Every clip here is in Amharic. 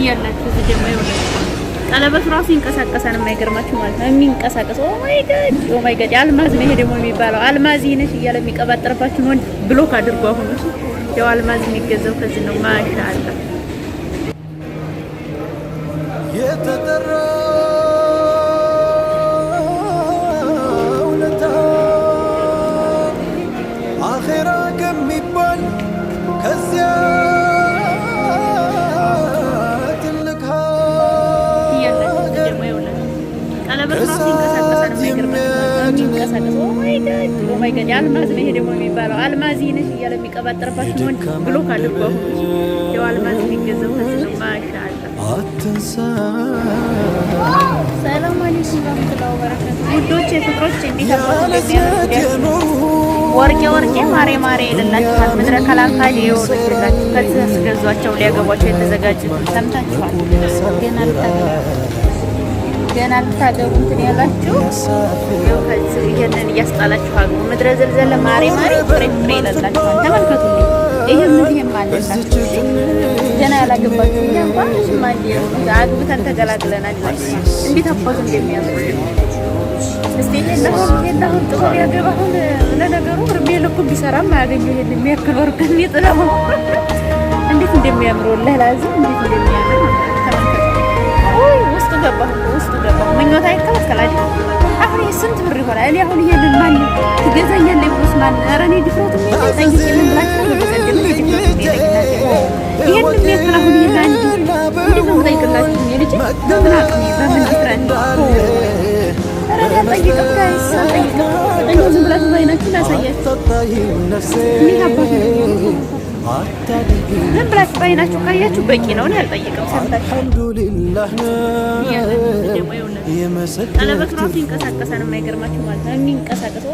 እያላችሁ እዚህ ደግሞ የሆነ ቀለበት ራሱ ይንቀሳቀሳል። የማይገርማችሁ ማለት ነው የሚንቀሳቀስ ኦ ማይ ጋድ ኦ ማይ ጋድ አልማዝ ነው ይሄ ደግሞ የሚባለው አልማዝ ይነሽ እያለ የሚቀባጠርባችሁ ብሎክ አድርጎ አሁን ያው አልማዝ የሚገዛው ከዚህ ነው። ማሻአላ የተጠራ ማይገኝ አልማዝ ነው ይሄ ደግሞ የሚባለው አልማዝ ነሽ እያለ የሚቀባጠርባት ሆን ብሎ ካድርጓ ሁ አልማዝ የሚገዘው ወርቄ ወርቄ ማሬ ማሬ ይልላችኋል። ምድረ ከላካል ከዚህ አስገዟቸው ሊያገቧቸው የተዘጋጁ ሰምታችኋል። ገና ልታገቡ እንትን ያላችሁ ያው ከዚህ ይሄንን እያስጣላችሁ አግቡ። ምድረ ዘልዘል ማሬ ማሬ ፍሬ ፍሬ ይላላችሁ። ተመልከቱ ይሄ ይሄም አለላችሁ ገና ያላገባችሁ እኛ እንኳን እሱማ አግብተን ተገላግለናል እንዴት አባቱ እንደሚያምሩ ለነገሩ እርሜ ልኩ ቢሰራም አያገኘው ይሄን የሚያክል ወርቅ እንዴት እንደሚያምሩ ለላዚ እንዴት እንደሚያምሩ ተገባሁ ውስጥ ገባሁ። ምኞታ ይከለከል አይደል? አሁን ስንት ብር ይሆናል? እኔ አሁን ይሄንን ማን ትገዛኛለህ? ቦስ ማን ኧረ እኔ ድፍረት ይሄንን ምን ብላችሁ በዓይናችሁ ካያችሁ በቂ ነው። እኔ አልጠይቅም። ይንቀሳቀሳል። የማይገርማችሁ ማለት የሚንቀሳቀሰው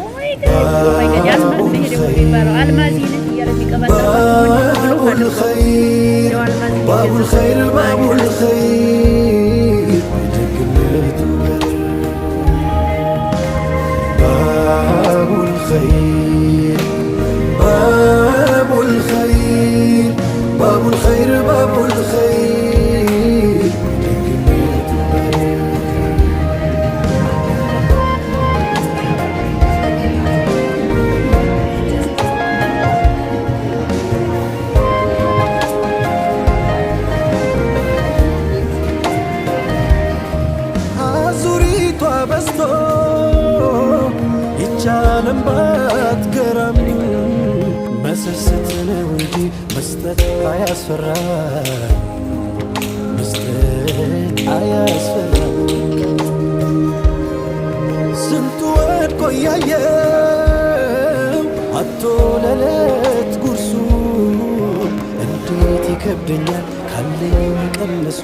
በስቶ ይቻለም ባትገራም መስስት ነው እንጂ መስጠት አያስፈራ መስጠት አያስፈራ ስንቱ ወድቆ ያየው አቶ ለለት ጉርሱ እንዴት ይከብደኛል ካለኝ መቀነሱ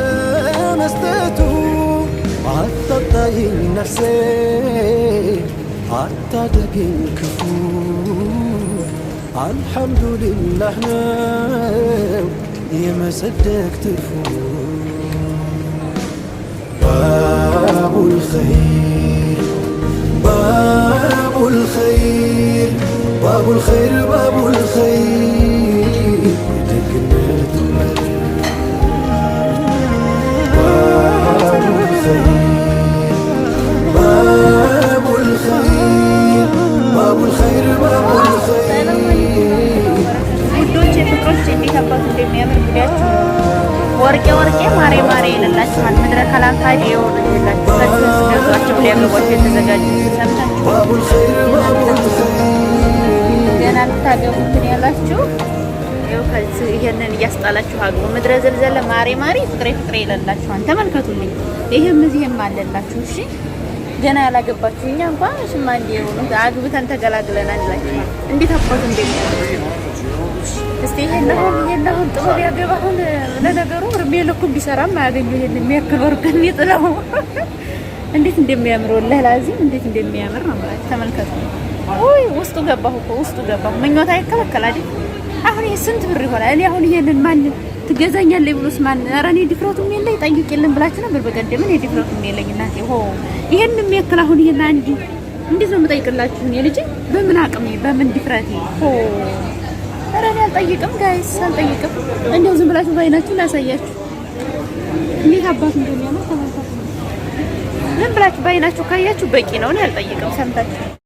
علي نفسي عالطريق كفور الحمد لله ناو يا ما صدق تفور باب الخير باب الخير باب الخير باب الخير ይደርሱናል። ምድረ ከላካይ የወረደላቸው ሰግዘን ስገዟቸው ሊያገቧቸው የተዘጋጁ ገና ልታገቡ ያላችሁ ይሄንን እያስጣላችሁ አግቡ። ምድረ ዘልዘለ ማሬ ማሬ ፍቅሬ ፍቅሬ ይለላችኋል። ተመልከቱልኝ። ይህም እዚህም አለላችሁ። እሺ ገና ያላገባችሁ እኛ እንኳን ሽማንዴ የሆኑ አግብተን ተገላግለናል ላችሁ እንዴት አባት እንዴ እስቲ ይሄን አሁን ጥሩ ቢያገባ ለነገሩ እርሜ ልኩን ቢሰራም አያገኘው ይሄን የሚያክበር ግን ይጥለው እንዴት እንደሚያምር ወላህ እንዴት እንደሚያምር ነው ማለት ተመልከቱ። ኦይ ውስጡ ገባሁ እኮ ውስጡ ገባሁ። ምኞት አይከለከል አይደል? አሁን ይሄ ስንት ብር ይሆናል? እኔ አሁን ይሄንን ማን ትገዛኛለህ ብሎስ ማን? ኧረ እኔ ድፍረቱም የለኝ ጠይቂልን ብላችሁ ነበር በቀደም። እኔ ድፍረቱም የለኝ እናቴ። ሆ ይሄን የሚያክል አሁን ይሄን አንድ እንዴት ነው የምጠይቅላችሁ? እኔ ልጅ በምን አቅሜ በምን ድፍረቴ? ሆ ኧረ እኔ አልጠይቅም፣ ጋይስ አልጠይቅም። እንደው ዝም ብላችሁ ባይናችሁ ላሳያችሁ። እንዴት አባቱ እንደሚያምር ተመልከቱ። ዝም ብላችሁ ባይናችሁ ካያችሁ በቂ ነው። እኔ አልጠይቅም። ሰምታችሁ